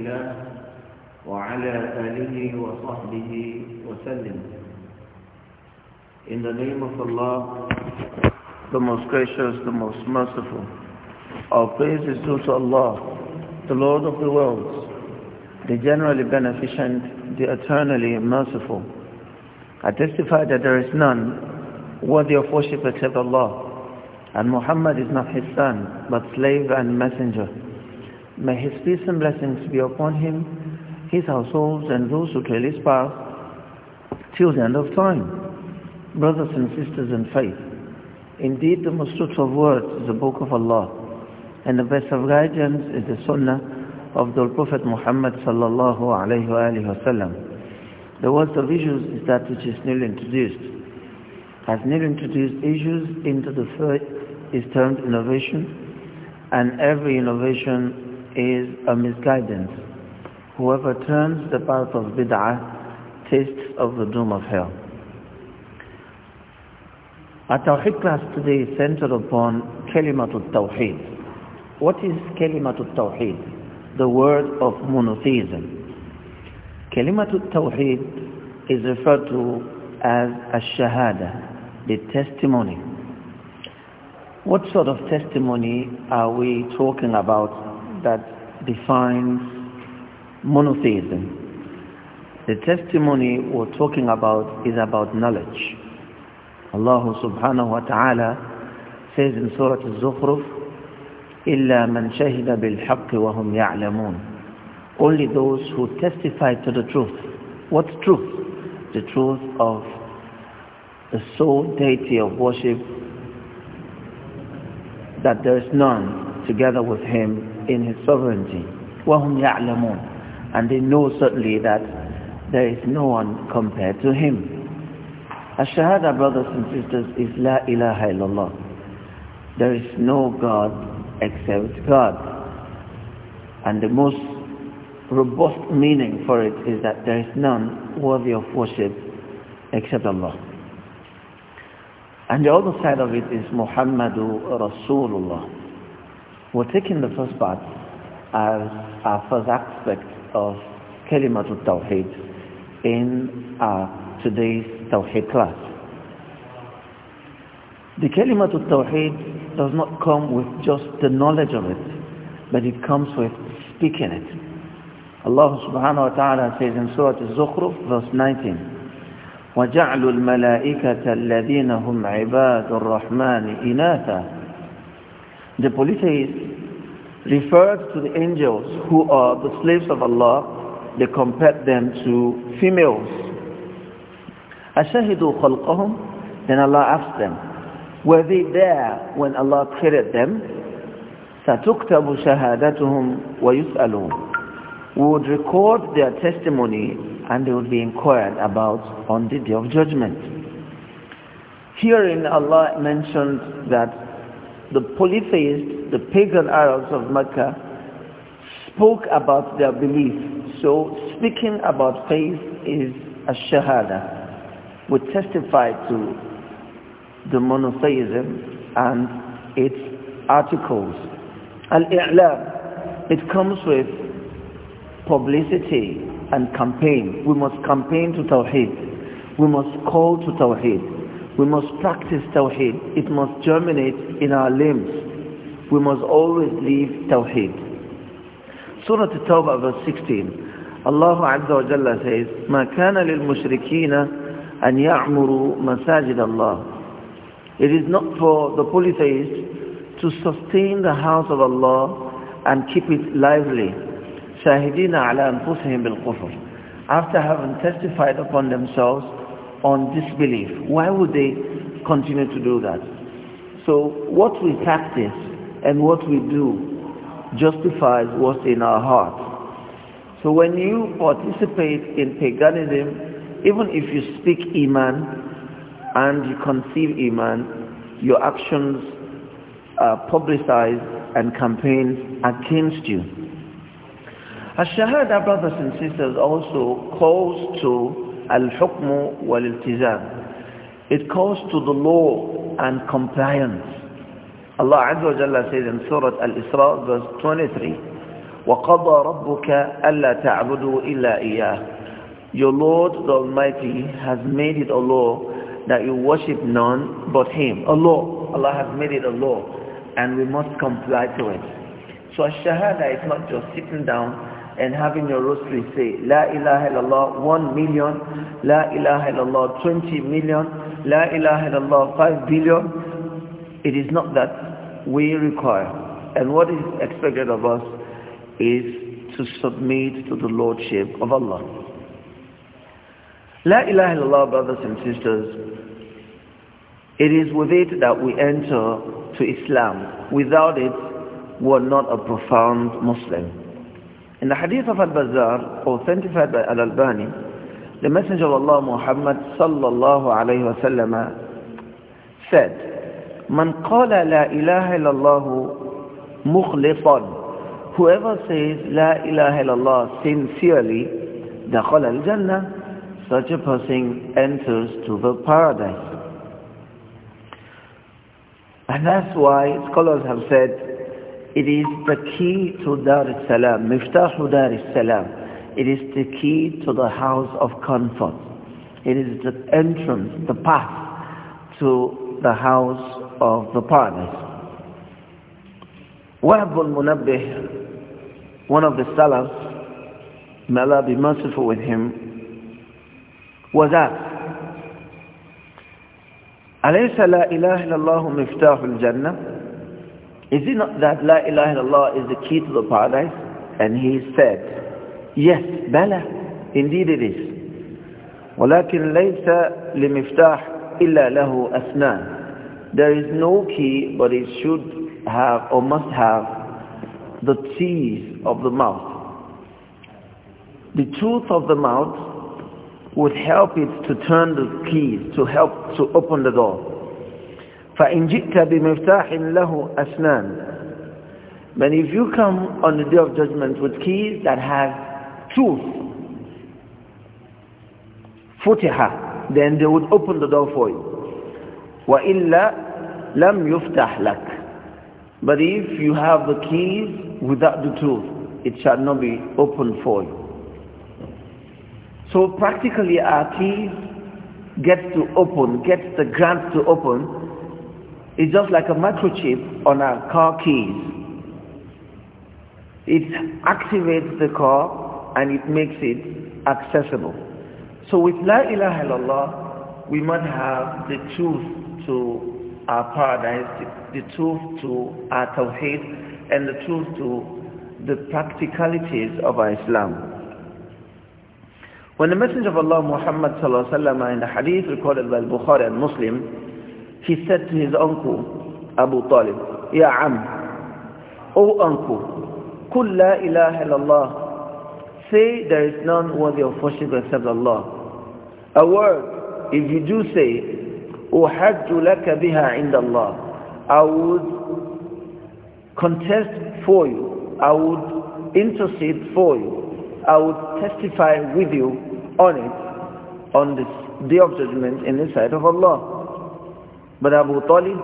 الله وعلى آله وصحبه وسلم In the name of Allah, the most gracious, the most merciful. Our praise is due to Allah, the Lord of the worlds, the generally beneficent, the eternally merciful. I testify that there is none worthy of worship except Allah, and Muhammad is not his son, but slave and messenger. May his peace and blessings be upon him, his households, and those who trail his path till the end of time. Brothers and sisters in faith, indeed the most of word is the Book of Allah, and the best of guidance is the Sunnah of the Prophet Muhammad sallallahu alayhi wa sallam. The worst of issues is that which is newly introduced. As newly introduced issues into the third is termed innovation, and every innovation is a misguidance. Whoever turns the path of bid'ah tastes of the doom of hell. Our Tawheed class today is centered upon Kalimatul Tawheed. What is Kalimatul Tawheed? The word of monotheism. Kalimatul Tawheed is referred to as a shahada the testimony. What sort of testimony are we talking about that defines monotheism. The testimony we're talking about is about knowledge. Allah subhanahu wa ta'ala says in Surah Al-Zukhruf, إِلَّا مَنْ شَهِدَ بِالْحَقِّ وَهُمْ يَعْلَمُونَ Only those who testify to the truth. What truth? The truth of the sole deity of worship, that there is none together with him in his sovereignty. وَهُمْ يَعْلَمُونَ And they know certainly that there is no one compared to him. Ash-shahada, brothers and sisters, is La ilaha illallah. There is no God except God. And the most robust meaning for it is that there is none worthy of worship except Allah. And the other side of it is Muhammadu Rasulullah. We're taking the first part as our first aspect of Kalimatul Tawheed in our today's Tawheed class. The Kalimatul Tawheed does not come with just the knowledge of it, but it comes with speaking it. Allah subhanahu wa ta'ala says in Surah Al-Zukhruf verse 19 وَجَعْلُوا الْمَلَائِكَةَ الَّذِينَ هُمْ عِبَادُ الرَّحْمَنِ إِنَاثًا the police referred to the angels who are the slaves of Allah. They compared them to females. أَشَهِدُوا خَلْقَهُمْ Then Allah asked them, were they there when Allah created them? سَتُكْتَبُ شَهَادَتُهُمْ وَيُسْأَلُونَ We would record their testimony and they would be inquired about on the day of judgment. Herein Allah mentioned that the polytheists, the pagan Arabs of Mecca, spoke about their belief. So speaking about faith is a shahada. We testify to the monotheism and its articles. Al-i'lam, it comes with publicity and campaign. We must campaign to Tawheed. We must call to Tawheed. We must practice Tawheed. It must germinate in our limbs. We must always leave Tawheed. Surah At-Tawbah verse 16. Allah Azza wa Jalla says, مَا كَانَ لِلْمُشْرِكِينَ أَنْ يَعْمُرُوا مَسَاجِدَ اللَّهِ It is not for the polytheists to sustain the house of Allah and keep it lively. شَاهِدِينَ عَلَى أَنفُسِهِمْ بِالْقُفْرِ After having testified upon themselves on disbelief. Why would they continue to do that? So what we practice and what we do justifies what's in our heart. So when you participate in paganism, even if you speak Iman and you conceive Iman, your actions are publicized and campaigned against you. As shahada brothers and sisters, also calls to al-hukm wal It calls to the law and compliance. Allah Azza wa Jalla says in Surah Al-Isra verse 23, وَقَضَى رَبُّكَ أَلَّا تَعْبُدُوا إِلَّا إِيَّهِ Your Lord the Almighty has made it a law that you worship none but Him. A law. Allah has made it a law. And we must comply to it. So a shahada is not just sitting down and having your rosary say La ilaha illallah 1 million, La ilaha illallah 20 million, La ilaha illallah 5 billion. It is not that we require. And what is expected of us is to submit to the Lordship of Allah. La ilaha illallah, brothers and sisters, it is with it that we enter to Islam. Without it, we are not a profound Muslim. In the hadith of Al-Bazzar, authenticated by Al-Albani, the Messenger of Allah Muhammad صلى الله عليه وسلم said من قال لا إله إلا الله مخلصا whoever says la ilaha illallah sincerely دخل الجنة such a person enters to the paradise and that's why scholars have said It is the key to Dar es Salaam, Miftahu Dar es Salaam. It is the key to the house of comfort. It is the entrance, the path to the house of the paradise. Wahab al-Munabbih, one of the Salaf, may Allah be merciful with him, was asked, أليس لا إله إلا الله مفتاح الجنة is it not that La ilaha illallah is the key to the paradise? And he said, Yes, Bala, indeed it is. ولكن ليس لمفتاح إلا له أسنان there is no key but it should have or must have the teeth of the mouth. The tooth of the mouth would help it to turn the keys, to help to open the door. فإن جئت بمفتاح له أسنان But if you come on the day of judgment with keys that have truth, futiha, then they would open the door for you. وَإِلَّا لَمْ يُفْتَحْ لَكْ But if you have the keys without the truth, it shall not be opened for you. So practically our keys get to open, gets the grant to open it's just like a microchip on our car keys. It activates the car and it makes it accessible. So with La ilaha illallah, we must have the truth to our paradise, the truth to our tawheed, and the truth to the practicalities of our Islam. When the Messenger of Allah Muhammad sallallahu alaihi wasallam in the hadith recorded by Bukhari and Muslim, he said to his uncle, Abu Talib, Ya Am, O uncle, Kul la ilaha illallah. Say there is none worthy of worship except Allah. A word, if you do say, أُحَجُّ لَكَ in عِنْدَ Allah,' I would contest for you. I would intercede for you. I would testify with you on it on this day of judgment in the sight of Allah. But Abu Talib,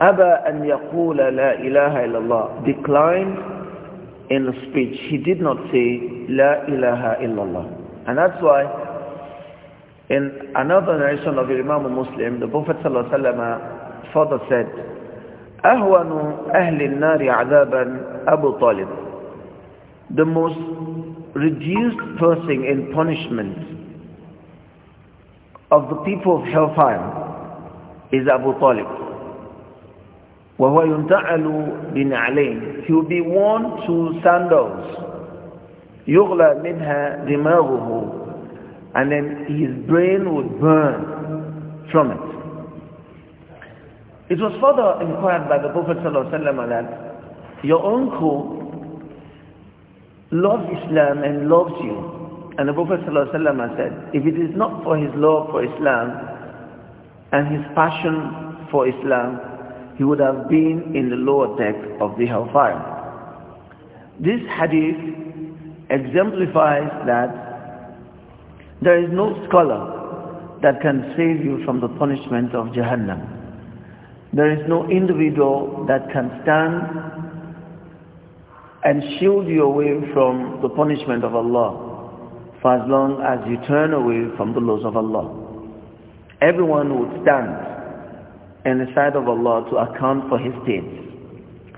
Aba an yaqula la ilaha illallah, declined in the speech. He did not say la ilaha illallah. And that's why in another narration of Imam Muslim, the Prophet ﷺ uh, father said, أهون أهل النار عذابا أبو طالب. The most reduced person in punishment of the people of hellfire is Abu Talib. وَهُوَ يُنْتَعَلُ بِنَعْلَيْنِ He will be worn two sandals. يُغْلَى مِنْهَا دِمَاغُهُ And then his brain would burn from it. It was further inquired by the Prophet ﷺ that your uncle loves Islam and loves you. And the Prophet ﷺ said, if it is not for his love for Islam, and his passion for Islam, he would have been in the lower deck of the hellfire. This hadith exemplifies that there is no scholar that can save you from the punishment of Jahannam. There is no individual that can stand and shield you away from the punishment of Allah for as long as you turn away from the laws of Allah everyone would stand in the sight of Allah to account for his deeds.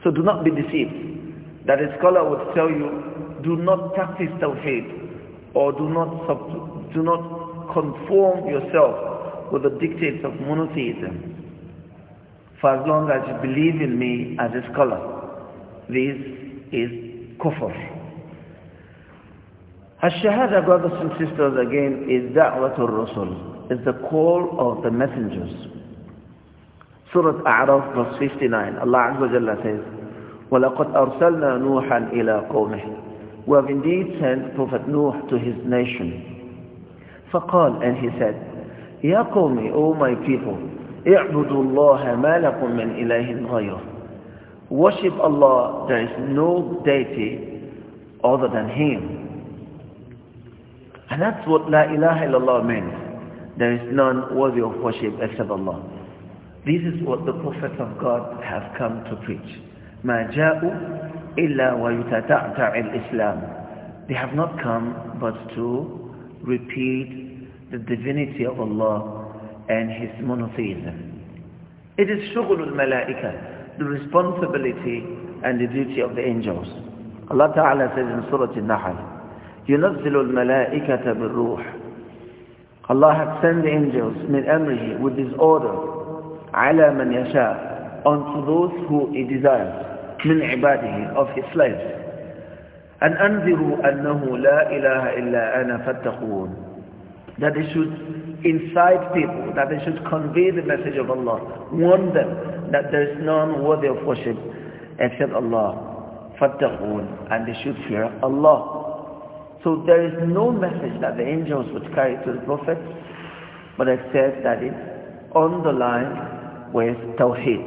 So do not be deceived that a scholar would tell you, do not practice tawheed or do not, sub do not conform yourself with the dictates of monotheism. For as long as you believe in me as a scholar, this is kufr. Ash-shahada, brothers and sisters, again, is da'watul Rasul? is the call of the messengers. Surah A'raf verse 59, Allah Azza wa Jalla says, وَلَقَدْ أَرْسَلْنَا نُوحًا إِلَىٰ قَوْمِهِ We have indeed sent Prophet Nuh to his nation. فَقَالَ And he said, يَا قومي, O my people, اِعْبُدُوا اللَّهَ مَا لَكُمْ مِنْ إِلَيْهٍ غَيْرُهُ Worship Allah, there is no deity other than Him. And that's what La ilaha illallah means. There is none worthy of worship except Allah. This is what the prophets of God have come to preach. مَا جَاءُوا إِلَّا وَيُتَتَعْتَعِ الْإِسْلَامِ They have not come but to repeat the divinity of Allah and His monotheism. It is شُغل الملائكة, the responsibility and the duty of the angels. Allah Ta'ala says in Surah Al-Nahl, يُنَزِّلُ الْمَلَائِكَةَ بِالرُّوحِ Allah had sent the angels min amrihi with his order ala man yasha unto those who he desires min ibadihi of his slaves and anziru annahu la ilaha illa ana fattaqun that they should incite people that they should convey the message of Allah warn them that there is none worthy of worship except Allah fattaqun and they should fear Allah so there is no message that the angels would carry to the Prophet, but except that it on the line with Tawheed.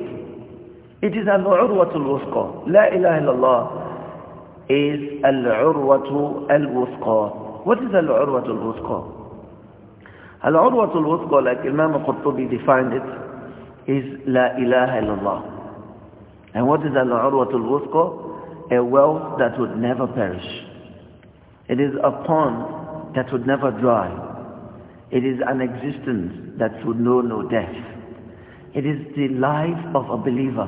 It is al-urwatul wusqa. La ilaha illallah is al-urwatul wusqa. What is al-urwatul wusqa? Al-urwatul wusqa, like Imam al-Qurtubi defined it, is la ilaha illallah. And what is al-urwatul wusqa? A wealth that would never perish. It is a pond that would never dry. It is an existence that would know no death. It is the life of a believer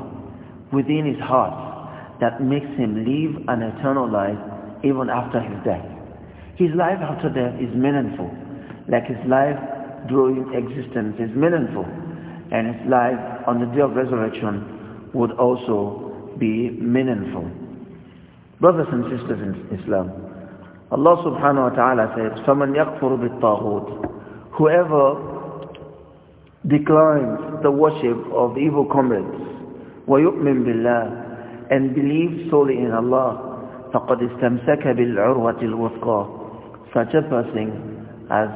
within his heart that makes him live an eternal life even after his death. His life after death is meaningful, like his life during existence is meaningful, and his life on the day of resurrection would also be meaningful. Brothers and sisters in Islam, Allah subhanahu wa ta'ala says, فَمَنْ يَقْفُرُ بِالطَّاغُوتِ Whoever declines the worship of evil comrades, وَيُؤْمِن بِاللَّهِ and believes solely in Allah, فَقَدْ اسْتَمْسَكَ بِالْعُرْوَةِ الْوَثْقَى Such a person as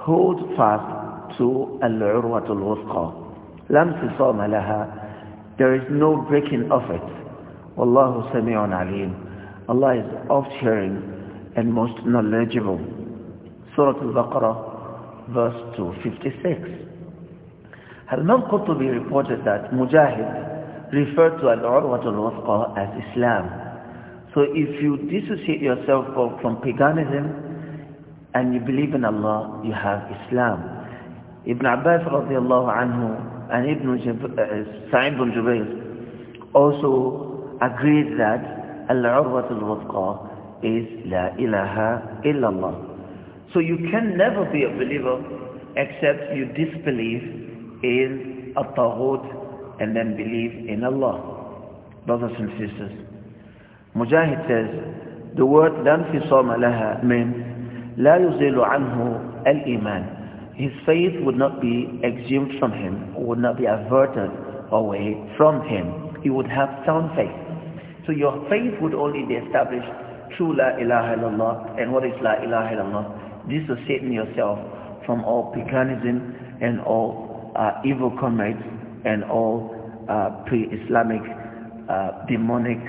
holds fast to الْعُرْوَةُ الْوَثْقَى لَمْ تِصَامَ لَهَا There is no breaking of it. وَاللَّهُ سَمِيعٌ عَلِيمٌ Allah is oft hearing and most knowledgeable. Surah Al-Baqarah, verse 256. to be reported that Mujahid referred to Al-Urwat al-Wasqa as Islam. So if you dissociate yourself from paganism and you believe in Allah, you have Islam. Ibn Abbas radiallahu anhu and Ibn uh, Sa'id bin Jubayr also agreed that Al-Urwat al-Wasqa is La ilaha illallah. So you can never be a believer except you disbelieve in a taghut and then believe in Allah. Brothers and sisters, Mujahid says, the word لَنْ فِصَامَ لَهَا means لَا يُزِيلُ عَنْهُ الْإِيمَانِ his faith would not be exhumed from him, would not be averted away from him. He would have sound faith. So your faith would only be established true La ilaha illallah and what is La ilaha illallah. This yourself from all paganism and all uh, evil comrades and all uh, pre-Islamic uh, demonic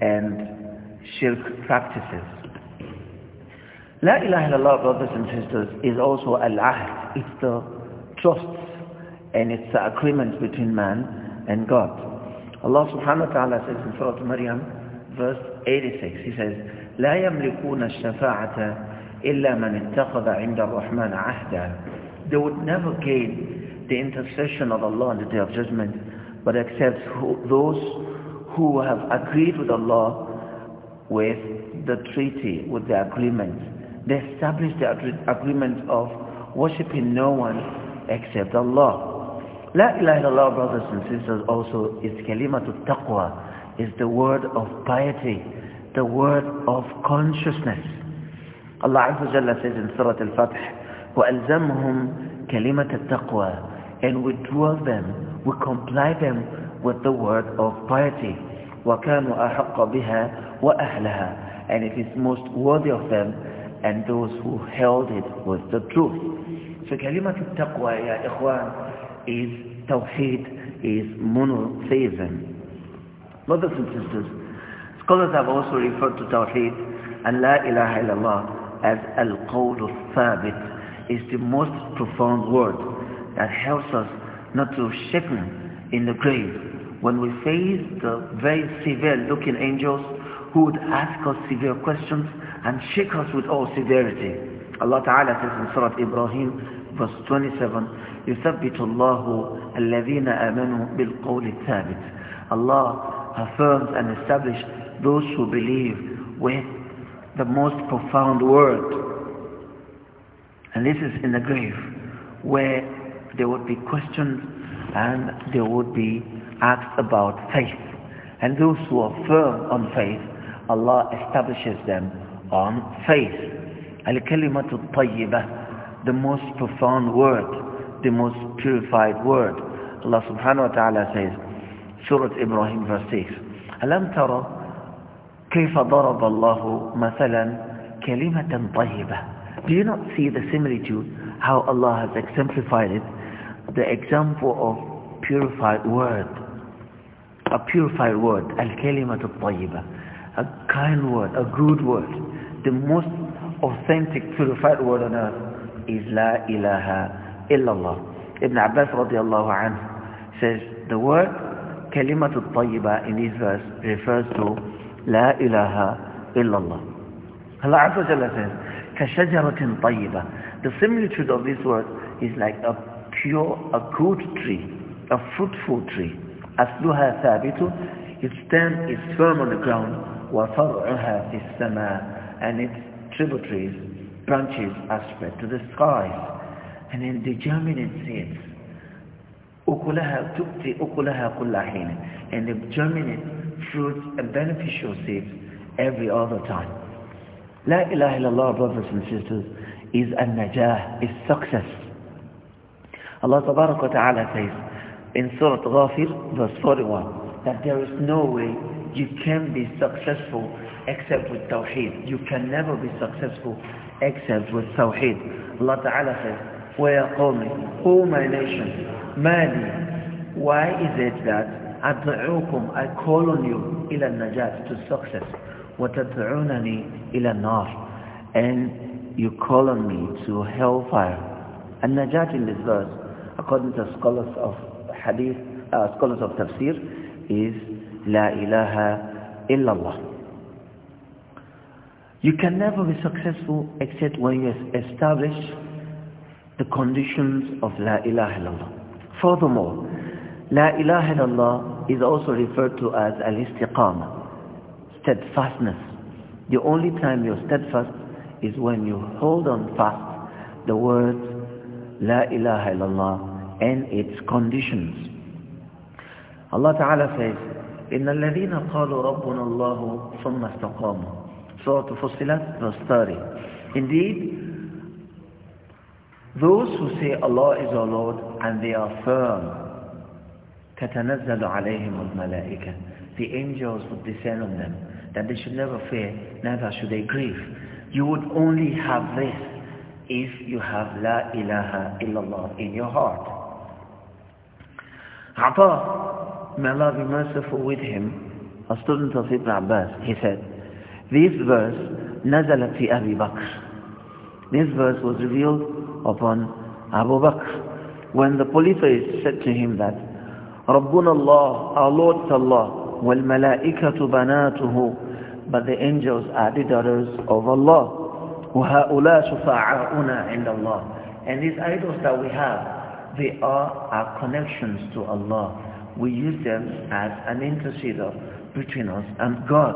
and shirk practices. La ilaha illallah, brothers and sisters, is also al-ahd. It's the trust and it's the agreement between man and God. Allah subhanahu wa ta'ala says in Surah Maryam, verse 86, He says, لا يملكون الشفاعة إلا من اتخذ عند الرحمن عهدا they would never gain the intercession of Allah on the day of judgment but except those who have agreed with Allah with the treaty, with the agreement. They established the agreement of worshipping no one except Allah. La ilaha illallah, brothers and sisters, also is kalimatul taqwa, is the word of piety, the word of consciousness. Allah Azza Jalla says in Surah Al-Fatih, وَأَلْزَمْهُمْ كَلِمَةَ التَّقْوَى And we dwell them, we comply them with the word of piety. وَكَانُوا أَحَقَّ بِهَا وَأَهْلَهَا And it is most worthy of them and those who held it with the truth. So كلمة التقوى يا إخوان is Tawheed, is monotheism. Brothers and sisters, Scholars have also referred to Tawheed and La ilaha illallah as Al-Qawl al-Thabit is the most profound word that helps us not to shaken in the grave when we face the very severe looking angels who would ask us severe questions and shake us with all severity. Allah Ta'ala says in Surah Ibrahim verse 27 يثبت الله الذين آمنوا بالقول الثابت Allah affirms and establishes those who believe with the most profound word. And this is in the grave where they would be questioned and they would be asked about faith. And those who are firm on faith, Allah establishes them on faith. Al-kalimatu tayyibah, the most profound word, the most purified word. Allah subhanahu wa ta'ala says, Surah Ibrahim verse 6, أَلَمْ تَرَى كيف ضرب الله مثلا كلمة طيبة Do you not see the similitude how Allah has exemplified it the example of purified word a purified word al-kalima الكلمة tayyiba a kind word a good word the most authentic purified word on earth is La ilaha illallah. Ibn Abbas رضي الله عنه says the word كلمة tayyiba in this verse refers to لا إله إلا الله Allah Azza Jalla says, كَشَجَرَةٍ طَيِّبَةٍ The similitude of this word is like a pure, a good tree, a fruitful tree. أَصْلُهَا ثَابِتُ Its stem is firm on the ground. وَفَرْعُهَا فِي السَّمَاءِ And its tributaries, branches are spread to the skies. And then the germinate seeds. أُكُلَهَا تُبْتِي أُكُلَهَا كُلَّ حِينٍ And the germinate fruits and beneficial seeds every other time. La ilaha illallah, brothers and sisters, is a najah, is success. Allah subhanahu wa ta'ala says in Surah Ghafir, verse 41, that there is no way you can be successful except with Tawheed. You can never be successful except with Tawheed. Allah Ta'ala says, وَيَا قَوْمِ O my nation, Mali, why is it that أدعوكم I call on you إلى النجاة to success وتدعونني إلى النار and you call on me to hellfire النجاة in this verse according to scholars of hadith uh, scholars of tafsir is لا إله إلا الله You can never be successful except when you establish the conditions of La ilaha illallah. Furthermore, La ilaha illallah is also referred to as al steadfastness. The only time you're steadfast is when you hold on fast the words La ilaha illallah and its conditions. Allah Ta'ala says, إن الذين قالوا ربنا الله ثم استقاموا Surah Fussilat verse 30 Indeed, those who say Allah is our Lord and they are firm تتنزل عليهم الملائكة the angels would descend on them that they should never fear neither should they grieve you would only have this if you have La ilaha illallah in your heart Ata may Allah be merciful with him a student of Ibn Abbas he said this verse نزلت في أبي بكر this verse was revealed upon Abu Bakr when the polytheist said to him that Rabbuna Allah, our Lord Allah, wal but the angels are the daughters of Allah. وَهَؤُلَا شُفَعَاؤُنَا عِنْدَ اللَّهِ And these idols that we have, they are our connections to Allah. We use them as an intercessor between us and God.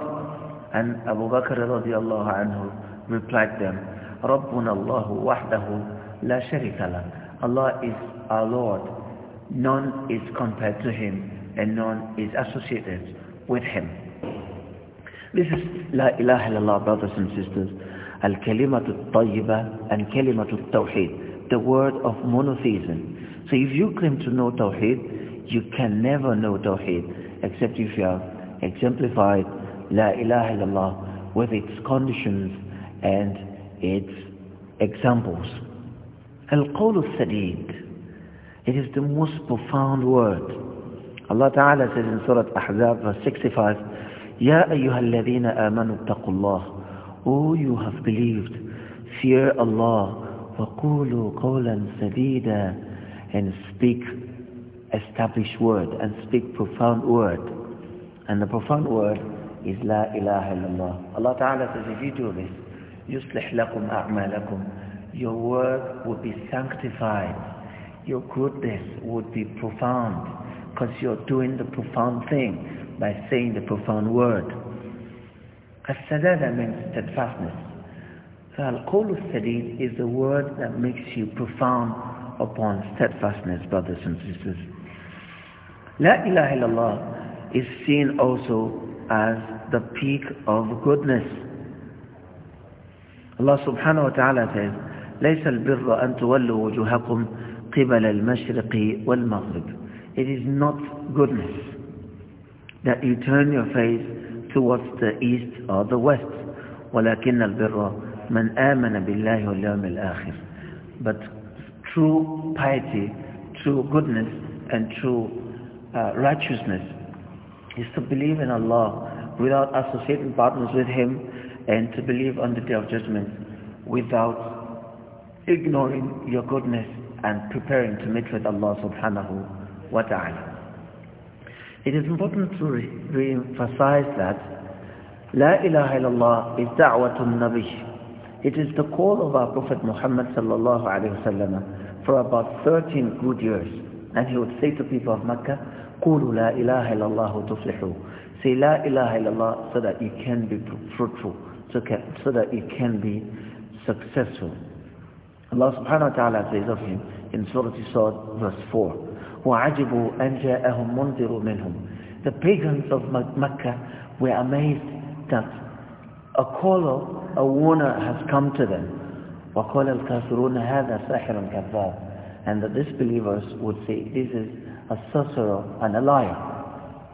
And Abu Bakr radiallahu anhu replied them, رَبُّنَا اللَّهُ وَحْدَهُ لَا شريك لَهُ Allah is our Lord None is compared to him and none is associated with him. This is La ilaha illallah, brothers and sisters. Al-kalimatu tayyiba and kalimatu tawheed. The word of monotheism. So if you claim to know tawheed, you can never know tawheed except if you have exemplified La ilaha illallah with its conditions and its examples. Al-qawlu sadid. It is the most profound word. Allah Ta'ala says in Surah Ahzab verse 65, Ya ayyuhal آمنوا amanu taqullah. O you have believed, fear Allah, وَقُولُوا قَوْلًا سَدِيدًا And speak established word, and speak profound word. And the profound word is La ilaha illallah. Allah Ta'ala says if you do this, يُصْلِحْ لَكُمْ أَعْمَالَكُمْ Your work will be sanctified your goodness would be profound because you're doing the profound thing by saying the profound word. As-sadada means steadfastness. So al-qawlu sadid is the word that makes you profound upon steadfastness, brothers and sisters. La ilaha illallah is seen also as the peak of goodness. Allah subhanahu wa ta'ala says, ليس البر أن تولوا وجوهكم قبل المشرق والمغرب it is not goodness that you turn your face towards the east or the west ولكن البر من آمن بالله واليوم الآخر but true piety true goodness and true uh, righteousness is to believe in Allah without associating partners with Him and to believe on the Day of Judgment without ignoring your goodness and preparing to meet with Allah subhanahu wa ta'ala. It is important to re re-emphasize that La ilaha illallah is da'watun nabi. It is the call of our Prophet Muhammad sallallahu alayhi wasallam for about 13 good years. And he would say to people of Mecca, قُولُوا لَا إِلَهَ إِلَّا اللَّهُ تُفْلِحُوا Say La ilaha illallah so that you can be fruitful, so, can, so that you can be successful. Allah subhanahu wa ta'ala says of him in Surah Sad, verse 4, وَعَجِبُوا أَنْ جَاءَهُمْ مُنْذِرٌ مِنْهُمْ The pagans of Mecca were amazed that a caller, a warner has come to them. وَقَالَ الْكَافِرُونَ هَذَا سَحِرٌ كَذَّابٌ And the disbelievers would say, this is a sorcerer and a liar.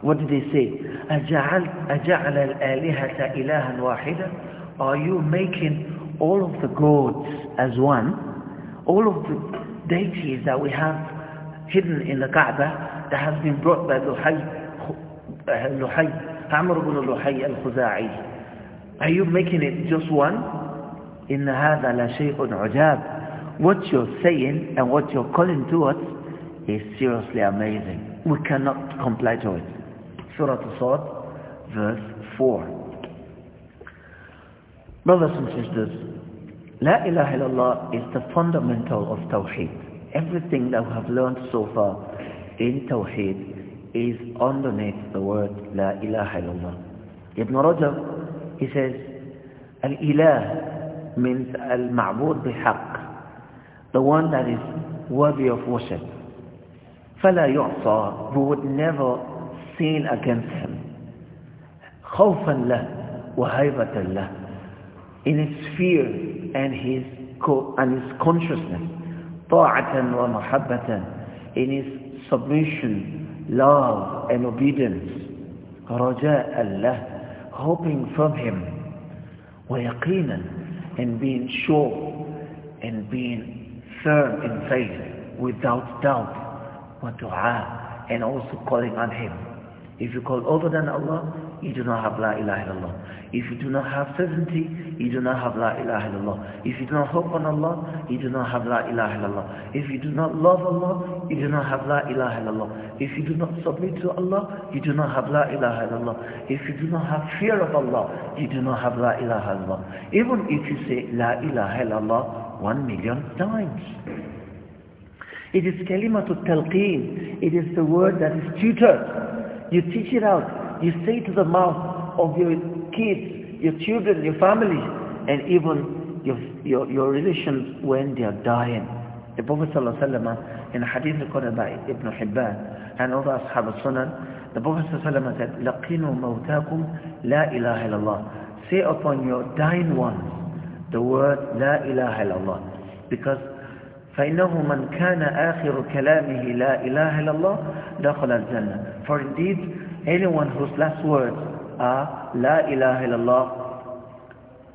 What did they say? أَجَعَلْ الْآلِهَةَ إِلَهًا وَاحِدًا Are you making all of the gods as one? all of the deities that we have hidden in the Kaaba that has been brought by Luhay, uh, Luhay Amr ibn Luhay al-Khuza'i. Are you making it just one? In هَذَا لَشَيْءٌ عُجَابٌ What you're saying and what you're calling to us is seriously amazing. We cannot comply to it. Surah Al-Sad, verse 4. Brothers and sisters, La ilaha illallah is the fundamental of Tawheed. Everything that we have learned so far in Tawheed is underneath the word La ilaha illallah. Ibn Rajab, he says, Al-Ilah means Al-Ma'bud bihaq, the one that is worthy of worship. فَلَا يُعْصَى Who would never sin against him. خَوْفًا لَهُ وَهَيْبَةً لَهُ In his fear and his, co and his consciousness. طَاعَةً وَمَحَبَّةً In his submission, love and obedience. رَجَاءً لَهُ Hoping from him. وَيَقِينًا And being sure and being firm in faith without doubt. وَدُعَاءً And also calling on him. If you call other than Allah, you do not have La ilaha illallah. If you do not have certainty, you do not have La ilaha illallah. If you do not hope on Allah, you do not have La ilaha illallah. If you do not love Allah, you do not have La ilaha illallah. If you do not submit to Allah, you do not have La ilaha illallah. If you do not have fear of Allah, you do not have La ilaha illallah. Even if you say La ilaha illallah one million times. It is kalimatul talqeen. It is the word that is tutored. You teach it out. You say to the mouth of your kids, your children, your family, and even your, your, your relations when they are dying. The Prophet ﷺ in a hadith recorded by Ibn Hibban and other Ashab al-Sunan, the Prophet ﷺ said, لَقِنُوا مَوْتَاكُمْ لَا إِلَهَ إِلَى اللَّهِ Say upon your dying ones the word لَا إِلَهَ إِلَى اللَّهِ because فإنه من كان آخر كلامه لا إله إلا الله دخل الجنة for indeed anyone whose last words are La ilaha illallah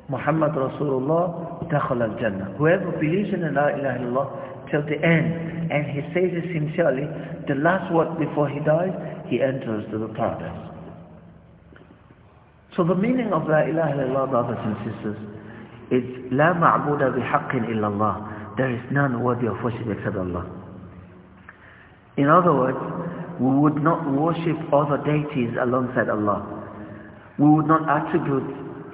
Muhammad Rasulullah dakhal al-jannah. Whoever believes in La ilaha illallah till the end and he says it sincerely, the last word before he dies, he enters the paradise. So the meaning of La ilaha illallah, brothers and sisters, is La ma'buda bihaqqin illallah. There is none worthy of worship except Allah. In other words, we would not worship other deities alongside Allah. We would not attribute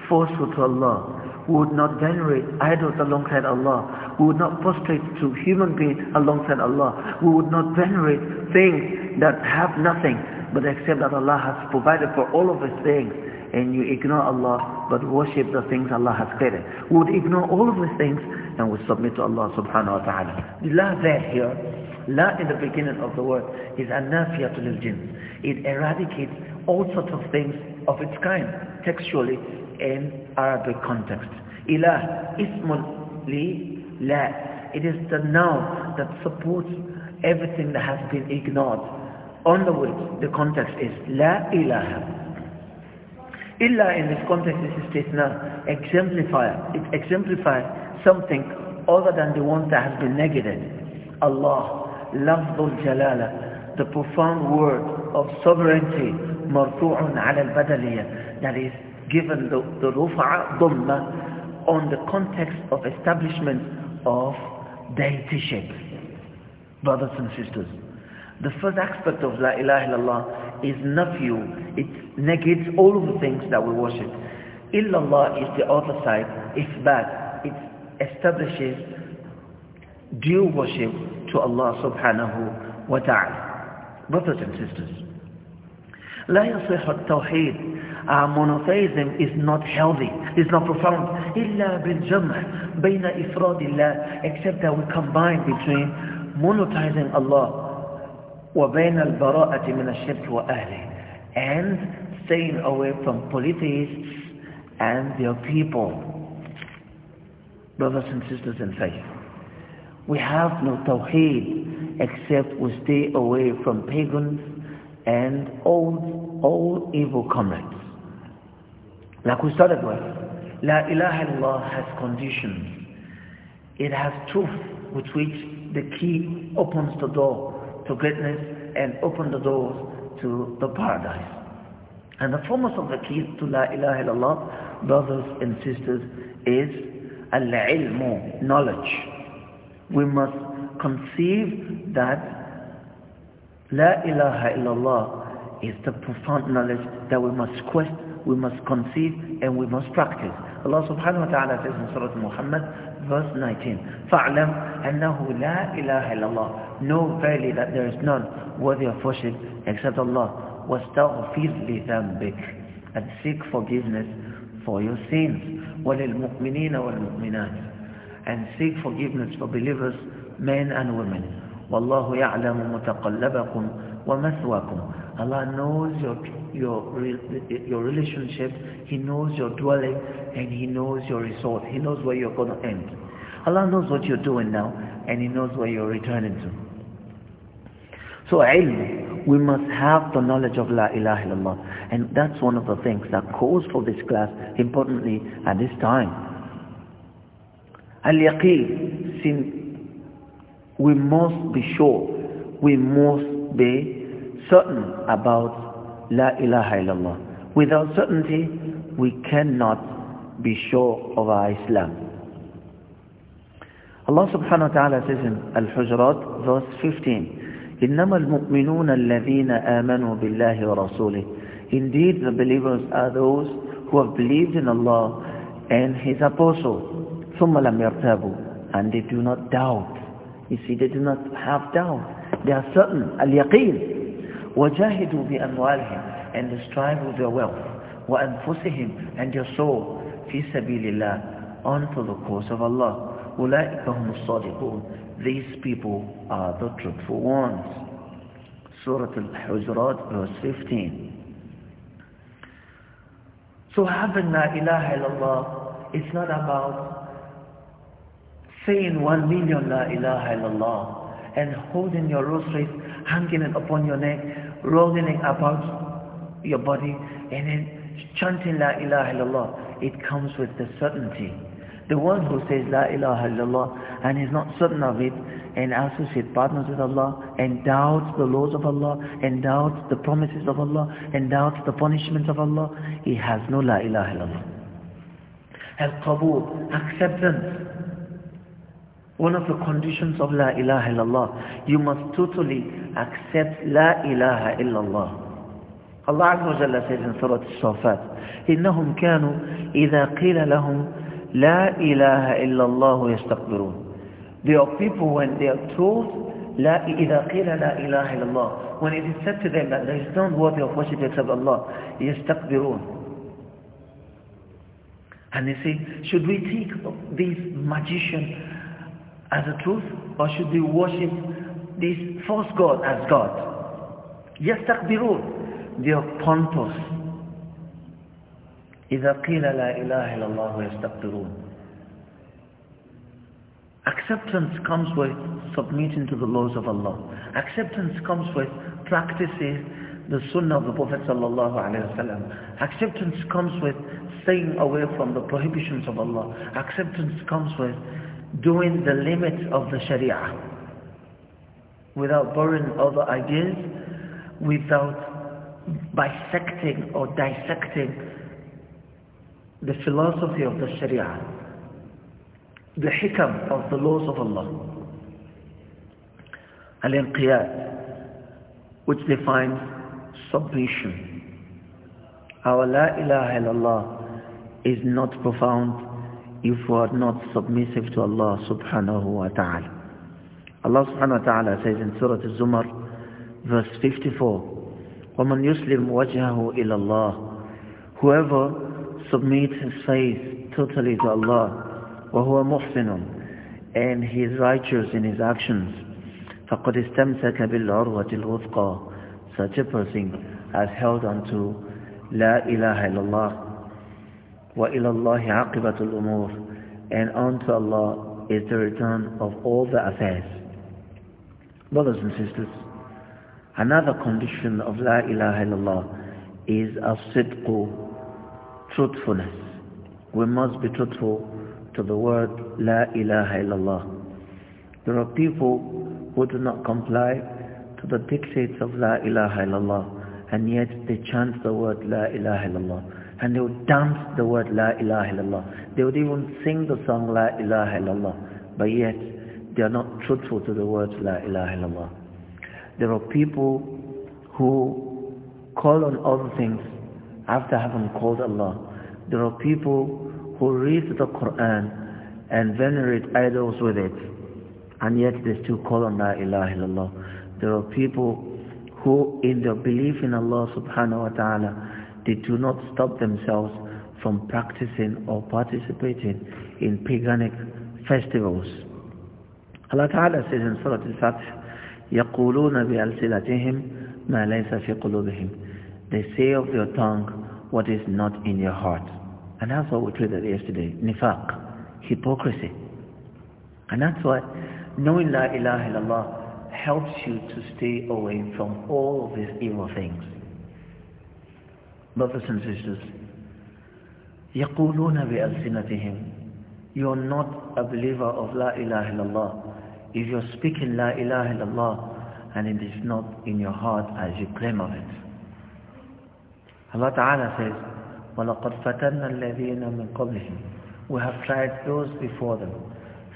falsehood to Allah. We would not venerate idols alongside Allah. We would not prostrate to human beings alongside Allah. We would not venerate things that have nothing but except that Allah has provided for all of his things and you ignore Allah but worship the things Allah has created. We would ignore all of the things and we submit to Allah subhanahu wa ta'ala. The last verse here La in the beginning of the word is anafiyatul lil-jinn. It eradicates all sorts of things of its kind, textually in Arabic context. Ilah, ismul li la. It is the noun that supports everything that has been ignored. On the which the context is la ilaha. Illa in this context is a statement, exemplifier. It exemplifies something other than the one that has been negated. Allah لفظ الجلالة the profound word of sovereignty مرفوع على البدلية that is given the, the رفع ضمة on the context of establishment of deityship brothers and sisters the first aspect of La ilaha illallah is nafyu it negates all of the things that we worship illallah is the other side it's bad it establishes due worship to Allah subhanahu wa ta'ala. Brothers and sisters, لا يصح التوحيد Our monotheism is not healthy, is not profound إلا بالجمع بين إفراد الله except that we combine between monotheizing Allah وبين البراءة من الشرك وأهله and staying away from polytheists and their people brothers and sisters in faith we have no tawheed except we stay away from pagans and all, all evil comments. Like we started with, La ilaha illallah has conditions. It has truth with which the key opens the door to greatness and opens the doors to the paradise. And the foremost of the keys to La ilaha illallah, brothers and sisters, is Al-ilmu, knowledge we must conceive that La ilaha illallah is the profound knowledge that we must quest, we must conceive, and we must practice. Allah subhanahu wa ta'ala says in Surah Muhammad, verse 19, فَعْلَمْ أَنَّهُ لَا إِلَهَ إِلَّا اللَّهُ Know verily that there is none worthy of worship except Allah. وَاسْتَغْفِرْ لِذَنْبِكَ And seek forgiveness for your sins. وَلِلْمُؤْمِنِينَ وَالْمُؤْمِنَاتِ and seek forgiveness for believers, men and women. Wallahu ya'lamu mutaqallabakum wa Allah knows your, your, your relationship, He knows your dwelling, and He knows your resort. He knows where you're going to end. Allah knows what you're doing now, and He knows where you're returning to. So ilm, we must have the knowledge of La ilaha illallah. And that's one of the things that calls for this class, importantly, at this time. Al-yaqeen, since we must be sure, we must be certain about La ilaha illallah. Without certainty, we cannot be sure of our Islam. Allah subhanahu wa ta'ala says in Al-Hujurat, verse 15, إِنَّمَا الْمُؤْمِنُونَ الَّذِينَ آمَنُوا بِاللَّهِ وَرَسُولِهِ Indeed, the believers are those who have believed in Allah and His Apostle. ثم لم يرتابوا and they do not doubt you see they do not have doubt they are certain اليقين وجاهدوا بأموالهم and they strive with their wealth وأنفسهم and your soul في سبيل الله onto the cause of Allah أولئك هم الصادقون these people are the truthful ones Surah Al-Hujurat verse 15 So having La ilaha illallah it's not about saying one million La ilaha illallah and holding your rosary, hanging it upon your neck, rolling it about your body and then chanting La ilaha illallah, it comes with the certainty. The one who says La ilaha illallah and is not certain of it and associates partners with Allah and doubts the laws of Allah and doubts the promises of Allah and doubts the punishments of Allah, he has no La ilaha illallah. Al-Qabul, acceptance. One of the conditions of La ilaha illallah, you must totally accept La ilaha illallah. الله عز وجل سيد سورة الصافات إنهم كانوا إذا قيل لهم لا إله إلا الله يستكبرون They are people when they are told لا إذا قيل لا إله إلا الله When it is said to them that there is no worthy of worship except Allah يستكبرون And they say, should we take these magicians? as the truth or should they worship this false God as God? يستكبرون They are pompous. إذا قيل لا إله إلا الله Acceptance comes with submitting to the laws of Allah. Acceptance comes with practicing the sunnah of the Prophet sallallahu alaihi wasallam. Acceptance comes with staying away from the prohibitions of Allah. Acceptance comes with doing the limits of the Sharia, without borrowing other ideas, without bisecting or dissecting the philosophy of the Sharia, the hikam of the laws of Allah. Al-Inqiyad, which defines submission. Our La ilaha illallah is not profound if we are not submissive to Allah subhanahu wa ta'ala. Allah subhanahu wa ta'ala says in Surah Al-Zumar, verse 54, وَمَنْ يُسْلِمْ وَجْهَهُ إِلَى اللَّهِ Whoever submits his face totally to Allah, وَهُوَ مُحْسِنٌ And he is righteous in his actions, فَقَدْ اسْتَمْسَكَ بِالْعُرْوَةِ الْوُثْقَى Such a person has held unto La ilaha illallah وَإِلَى اللَّهِ عَقِبَةُ الْأُمُورِ And unto Allah is the return of all the affairs. Brothers and sisters, another condition of La ilaha illallah is as-sidqu, truthfulness. We must be truthful to the word La ilaha illallah. There are people who do not comply to the dictates of La ilaha illallah and yet they chant the word La ilaha illallah and they would dance the word La ilaha illallah. They would even sing the song La ilaha illallah, but yet they are not truthful to the words La ilaha illallah. There are people who call on other things after having called Allah. There are people who read the Quran and venerate idols with it, and yet they still call on La ilaha illallah. There are people who in their belief in Allah subhanahu wa ta'ala they do not stop themselves from practicing or participating in paganic festivals. Allah Ta'ala says in Surah Al-Fatih, يَقُولُونَ بِأَلْسِلَتِهِمْ مَا لَيْسَ فِي قُلُوبِهِمْ They say of your tongue what is not in your heart. And that's what we treated yesterday, nifaq, hypocrisy. And that's why knowing La ilaha illallah helps you to stay away from all of these evil things brothers and sisters, يَقُولُونَ بِأَلْسِنَتِهِمْ You're not a believer of La ilaha illallah. If you're speaking La ilaha illallah and it is not in your heart as you claim of it. Allah Ta'ala says, وَلَقَدْ الَّذِينَ مِنْ قَبْلِهِمْ We have tried those before them.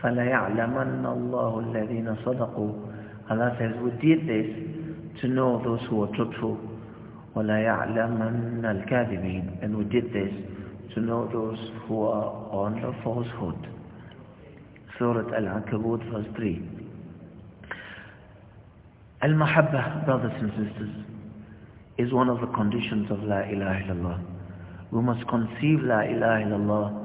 فَلَيَعْلَمَنَّ اللَّهُ الَّذِينَ صَدَقُوا Allah says, we did this to know those who are truthful. الْكَاذِبِينَ And we did this to know those who are on the falsehood. Surah Al-Ankabut verse 3. Al-Mahabbah, brothers and sisters, is one of the conditions of La ilaha illallah. We must conceive La ilaha illallah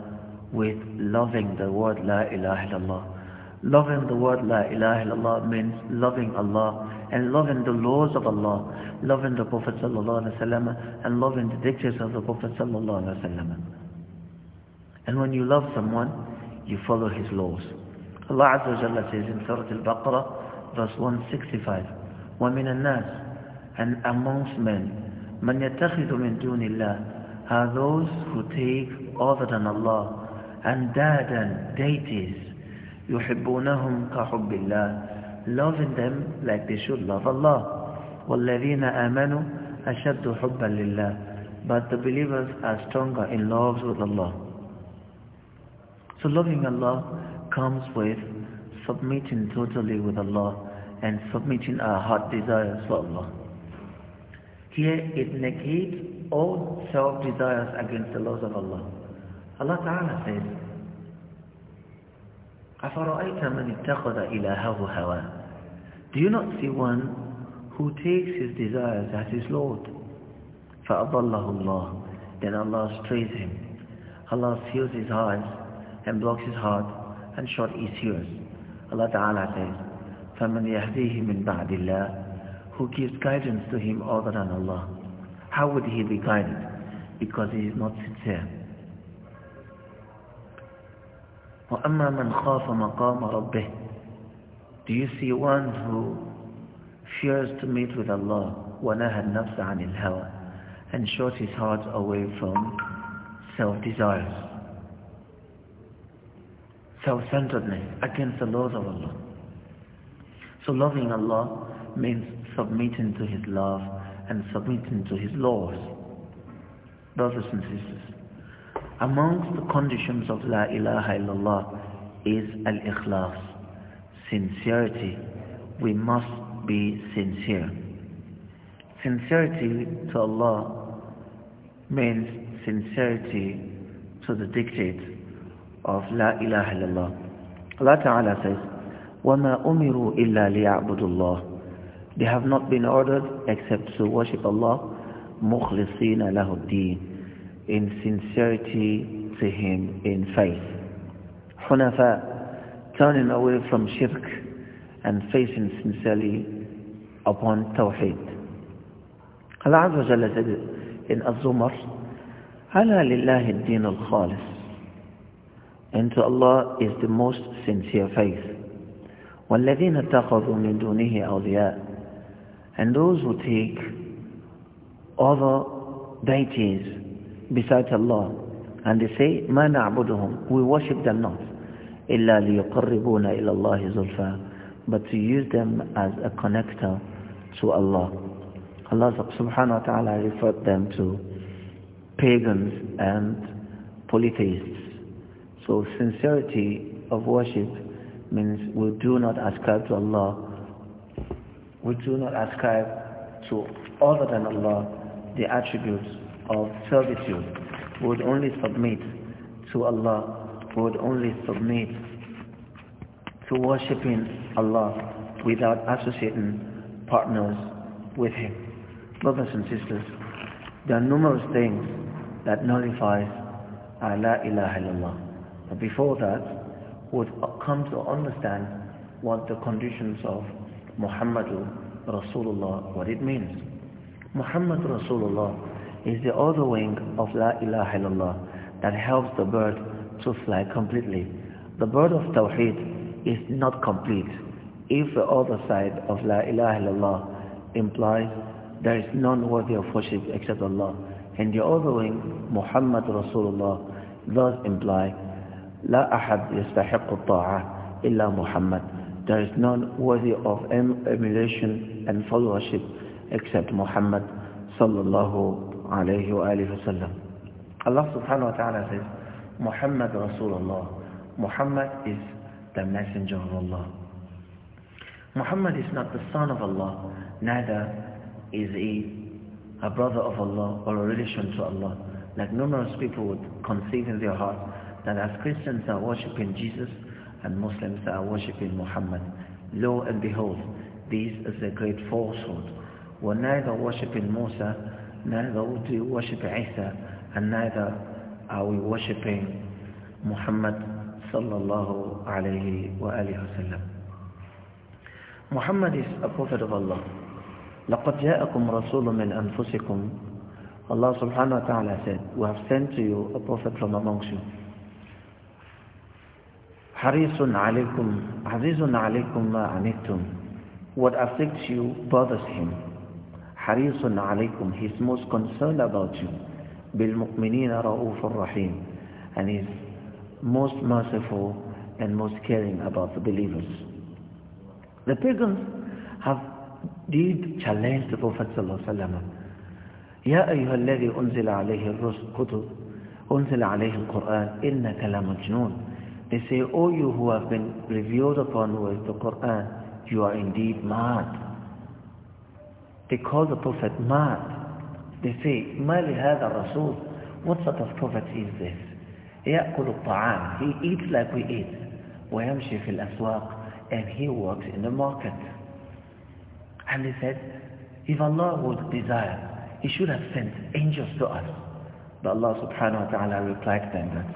with loving the word La ilaha illallah. Loving the word La ilaha illallah means loving Allah and loving the laws of Allah, loving the Prophet sallallahu alaihi wasallam and loving the dictates of the Prophet sallallahu alaihi wasallam. And when you love someone, you follow his laws. Allah Azza wa Jalla says in Surah Al-Baqarah, verse 165, وَمِنَ النَّاسِ And amongst men, مَنْ يَتَّخِذُ مِنْ دُونِ اللَّهِ Are those who take other than Allah, and dadan, deities, يحبونهم كحب الله loving them like they should love Allah والذين آمنوا أشد حبا لله but the believers are stronger in love with Allah so loving Allah comes with submitting totally with Allah and submitting our heart desires for Allah here it negates all self desires against the laws of Allah Allah Ta'ala says do you not see one who takes his desires as his Lord? فَأَضَلَّهُ اللَّهُ Then Allah strays him. Allah seals his eyes and blocks his heart and shut his ears. Allah Ta'ala says, فَمَنْ يَهْدِيهِ مِنْ بَعْدِ اللَّهِ Who gives guidance to him other than Allah? How would he be guided? Because he is not sincere. وأما من خاف مقام ربه Do you see one who fears to meet with Allah ونهى النفس عن الهوى and shut his heart away from self-desires self-centeredness against the laws of Allah so loving Allah means submitting to his love and submitting to his laws brothers and sisters amongst the conditions of La ilaha illallah is al-ikhlas, sincerity. We must be sincere. Sincerity to Allah means sincerity to the dictate of La ilaha illallah. Allah Ta'ala says, وَمَا أُمِرُوا إِلَّا لِيَعْبُدُ اللَّهِ They have not been ordered except to worship Allah, مُخْلِصِينَ لَهُ الدِّينَ in sincerity to him in faith. Hunafa, turning away from shirk and facing sincerely upon tawheed. Allah Azza wa Jalla said in Az-Zumar, أَلَا لِلَّهِ الدِّينُ الْخَالِصِ And to Allah is the most sincere faith. وَالَّذِينَ اتَّخَذُوا مِن دُونِهِ أَوْلِيَاءَ And those who take other deities besides Allah. And they say, ما نعبدهم We worship them not. إلا ليقربونا إلى الله زلفا But to use them as a connector to Allah. Allah subhanahu wa ta'ala referred them to pagans and polytheists. So sincerity of worship means we do not ascribe to Allah. We do not ascribe to other than Allah the attributes of servitude would only submit to Allah, would only submit to worshipping Allah without associating partners with Him. Brothers and sisters, there are numerous things that nullifies La ilaha illallah. But before that, would come to understand what the conditions of Muhammadu Rasulullah, what it means. Muhammad Rasulullah is the other wing of La ilaha illallah that helps the bird to fly completely. The bird of Tawheed is not complete if the other side of La ilaha illallah implies there is none worthy of worship except Allah. And the other wing, Muhammad Rasulullah, does imply لا أحد يستحق الطاعة إلا محمد. There is none worthy of emulation and followership except Muhammad sallallahu alayhi wa wasallam. Allah subhanahu wa ta'ala says, Muhammad Rasulullah. Muhammad is the messenger of Allah. Muhammad is not the son of Allah, neither is he a brother of Allah or a relation to Allah. Like numerous people would conceive in their heart that as Christians are worshipping Jesus and Muslims are worshipping Muhammad. Lo and behold, this is a great falsehood. We're neither worshipping Musa neither do you worship Isa and neither are we worshipping Muhammad sallallahu alayhi wa wasallam. Muhammad is a prophet of Allah. لَقَدْ جَاءَكُمْ رَسُولٌ مِنْ أَنفُسِكُمْ Allah subhanahu wa ta'ala said, We have sent to you a prophet from amongst you. حَرِيصٌ عَلَيْكُمْ عَزِيزٌ عَلَيْكُمْ مَا عَنِتُمْ What afflicts you bothers him. harisun alaykum. He's most concerned about you. Bil mu'minina ra'ufur rahim. And he's most merciful and most caring about the believers. The pagans have did challenge the Prophet sallallahu يا أيها الذي أنزل عليه الكتب أنزل عليه القرآن إنك لمجنون They say, O oh, you who have been revealed upon with the Quran, you are indeed mad. They call the Prophet mad. They say, مَا لِهَذَا الرَّسُولِ What sort of Prophet is this? يَأْكُلُ الطَّعَامِ He eats like we eat. وَيَمْشِي فِي الْأَسْوَاقِ And he works in the market. And they said, if Allah would desire, He should have sent angels to us. But Allah subhanahu wa ta'ala replied them that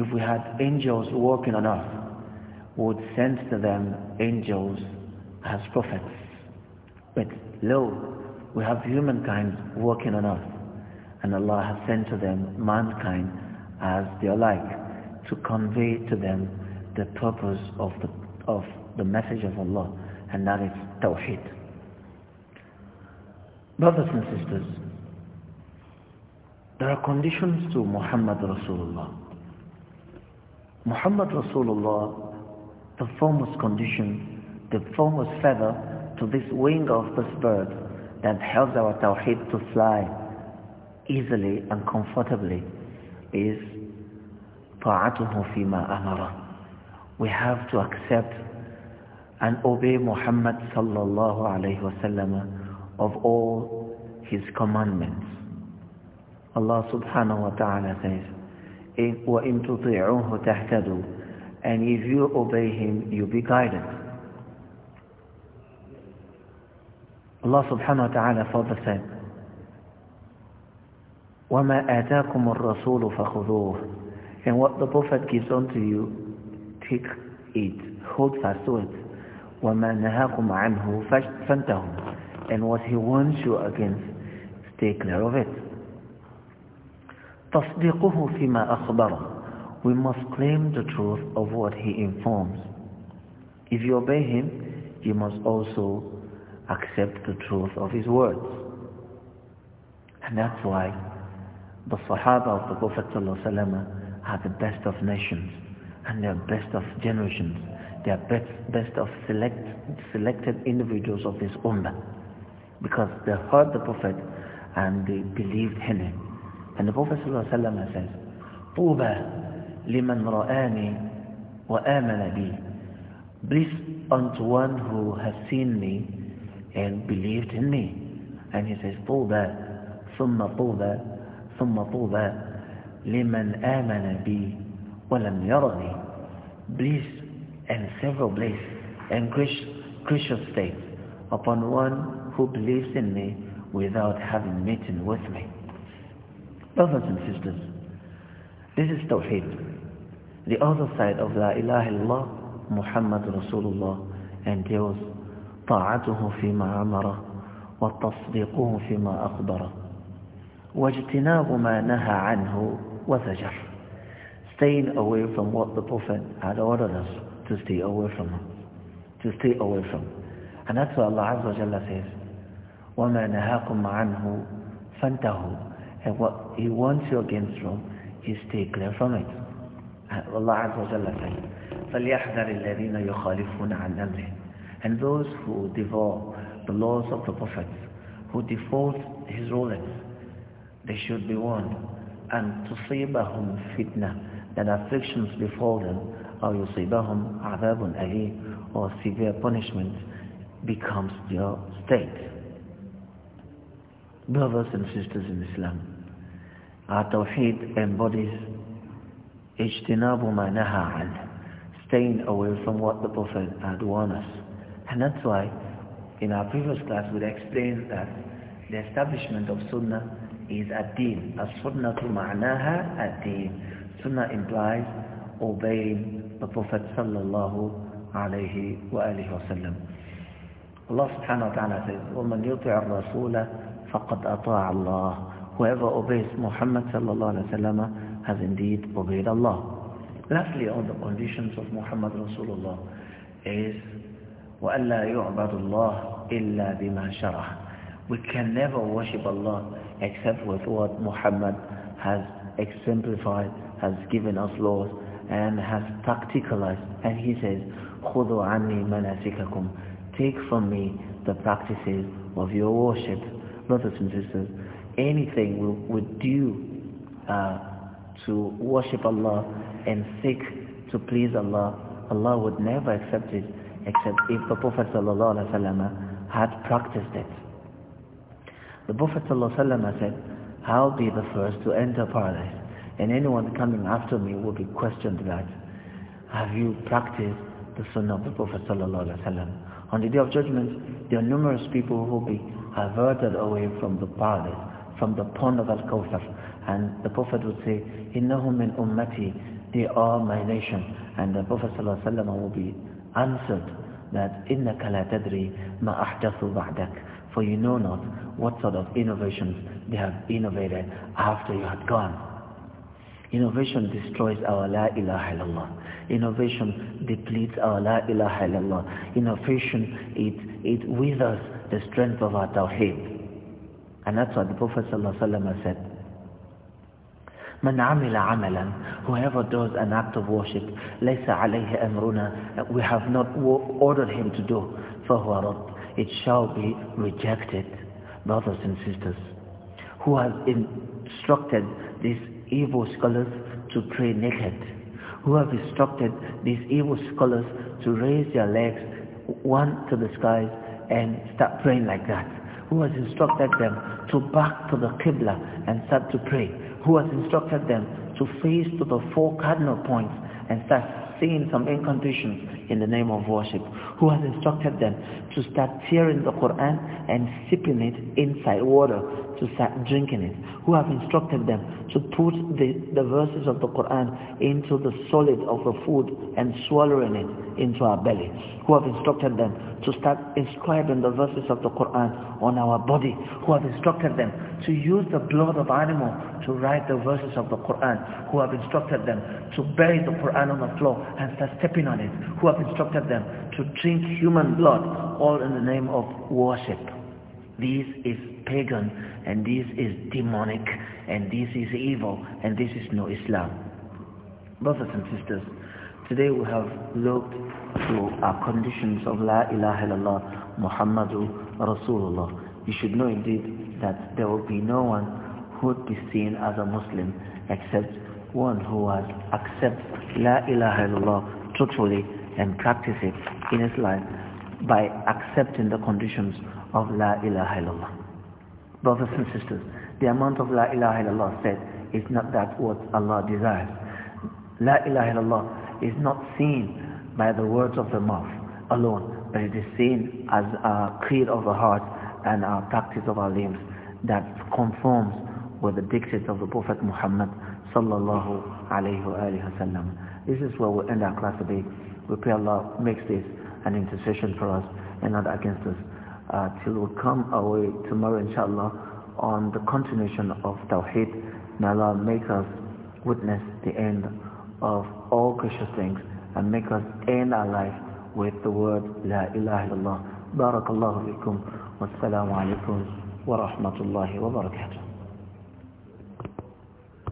if we had angels working on us, would send to them angels as prophets. But Lo, we have humankind working on us. And Allah has sent to them mankind as their like to convey to them the purpose of the, of the message of Allah and that is Tawheed. Brothers and sisters, there are conditions to Muhammad Rasulullah. Muhammad Rasulullah, the foremost condition, the foremost feather so this wing of this bird that helps our tawhid to fly easily and comfortably is طاعته fima amara. We have to accept and obey Muhammad sallallahu alayhi wasallam of all his commandments. Allah subhanahu wa ta'ala says, وَإِن تُطِعُوهُ تَهْتَدُوا And if you obey him, you be guided. الله سبحانه وتعالى فاضل ثاني وما آتاكم الرسول فخذوه and what the prophet gives on to you take it hold fast to it وما نهاكم عنه فانتهوا and what he wants you against stay clear of it تصديقه فيما أخبره we must claim the truth of what he informs if you obey him you must also accept the truth of his words. And that's why the Sahaba of the Prophet ﷺ are the best of nations and they are best of generations. They are best, best of select, selected individuals of this ummah because they heard the Prophet and they believed in him. And the Prophet ﷺ says, طُوبَى لِمَنْ رَآنِي وَآمَنَ بِي Bliss unto one who has seen me and believed in me. And he says, طوبى ثم طوبى ثم طوبى لمن آمن بي ولم يرني bliss and several bliss and gracious states upon one who believes in me without having meeting with me. Brothers and sisters, this is Tawheed, the other side of La ilaha illallah, Muhammad Rasulullah, and deals طاعته فيما أمره وتصديقه فيما أخبره واجتناب ما نهى عنه وزجر staying away from what the Prophet had ordered us to stay away from to stay away from and that's what Allah Azza wa Jalla says وَمَا نَهَاكُمْ عَنْهُ فَانْتَهُوا and what He wants you against from is stay clear from it Allah Azza wa Jalla says فَلْيَحْذَرِ الَّذِينَ يُخَالِفُونَ عَنْ أَمْرِهِ and those who devour the laws of the prophets, who default his rulings, they should be warned. And تصيبهم fitna, that afflictions befall them, or يصيبهم عذاب أليم, or severe punishment becomes their state. Brothers and sisters in Islam, our tawheed embodies اجتناب ما نهى عنه, staying away from what the Prophet had warned us. And that's why in our previous class we explained that the establishment of sunnah is a deen As-sunnatu ma'naha a deen Sunnah implies obeying the Prophet sallallahu alayhi wa alihi wa sallam. Allah subhanahu wa ta'ala says, وَمَنْ يُطِعَ الرَّسُولَ فَقَدْ أَطَاعَ اللَّهِ Whoever obeys Muhammad sallallahu alayhi wa sallam has indeed obeyed Allah. Lastly, on the conditions of Muhammad Rasulullah is يُعْبَدُ اللَّهُ إِلَّا بِمَا شَرَعَ We can never worship Allah except with what Muhammad has exemplified, has given us laws, and has practicalized. And he says, خُذُوا عَنِّي مَنَاسِكَكُمْ Take from me the practices of your worship. Brothers and sisters, anything we, would do uh, to worship Allah and seek to please Allah, Allah would never accept it except if the Prophet ﷺ had practiced it. The Prophet ﷺ said, I'll be the first to enter paradise, and anyone coming after me will be questioned that, have you practiced the sunnah of the Prophet ﷺ? On the Day of Judgment, there are numerous people who will be averted away from the paradise, from the pond of Al-Kawthar. And the Prophet would say, إِنَّهُمْ مِنْ أُمَّتِي They are my nation. And the Prophet ﷺ will be answered that إِنَّكَ لَا تَدْرِي مَا أَحْدَثُ بَعْدَكَ For you know not what sort of innovations they have innovated after you had gone. Innovation destroys our La ilaha illallah. Innovation depletes our La ilaha illallah. Innovation, it, it withers the strength of our tawheed. And that's what the Prophet ﷺ said. من عمل عملا whoever does an act of worship ليس عليه أمرنا we have not ordered him to do فهو رد it shall be rejected brothers and sisters who has instructed these evil scholars to pray naked who have instructed these evil scholars to raise their legs one to the skies and start praying like that who has instructed them to back to the Qibla and start to pray who has instructed them to face to the four cardinal points and start saying some incantations in the name of worship, who has instructed them to start tearing the Quran and sipping it inside water to start drinking it, who have instructed them to put the, the verses of the Quran into the solid of the food and swallowing it into our belly, who have instructed them to start inscribing the verses of the Quran on our body, who have instructed them to use the blood of animal to write the verses of the Quran, who have instructed them to bury the Quran on the floor and start stepping on it, who have instructed them to drink human blood, all in the name of worship. This is pagan and this is demonic and this is evil and this is no Islam. Brothers and sisters, today we have looked to our conditions of La ilaha illallah Muhammadu Rasulullah. You should know indeed that there will be no one who would be seen as a Muslim except one who has accepted La ilaha illallah truthfully and practiced it in his life by accepting the conditions of La ilaha illallah. Brothers and sisters, the amount of La ilaha illallah said is not that what Allah desires. La ilaha illallah is not seen by the words of the mouth alone, but it is seen as a creed of the heart and a practice of our limbs that conforms with the dictates of the Prophet Muhammad sallallahu alayhi wa This is where we end our class today. We pray Allah makes this an intercession for us and not against us uh, till we come away tomorrow inshallah on the continuation of Tawheed. May Allah make us witness the end of all Christian things and make us end our life with the word La ilaha illallah. Barakallahu fikum. Wassalamu alaikum wa rahmatullahi wa barakatuh.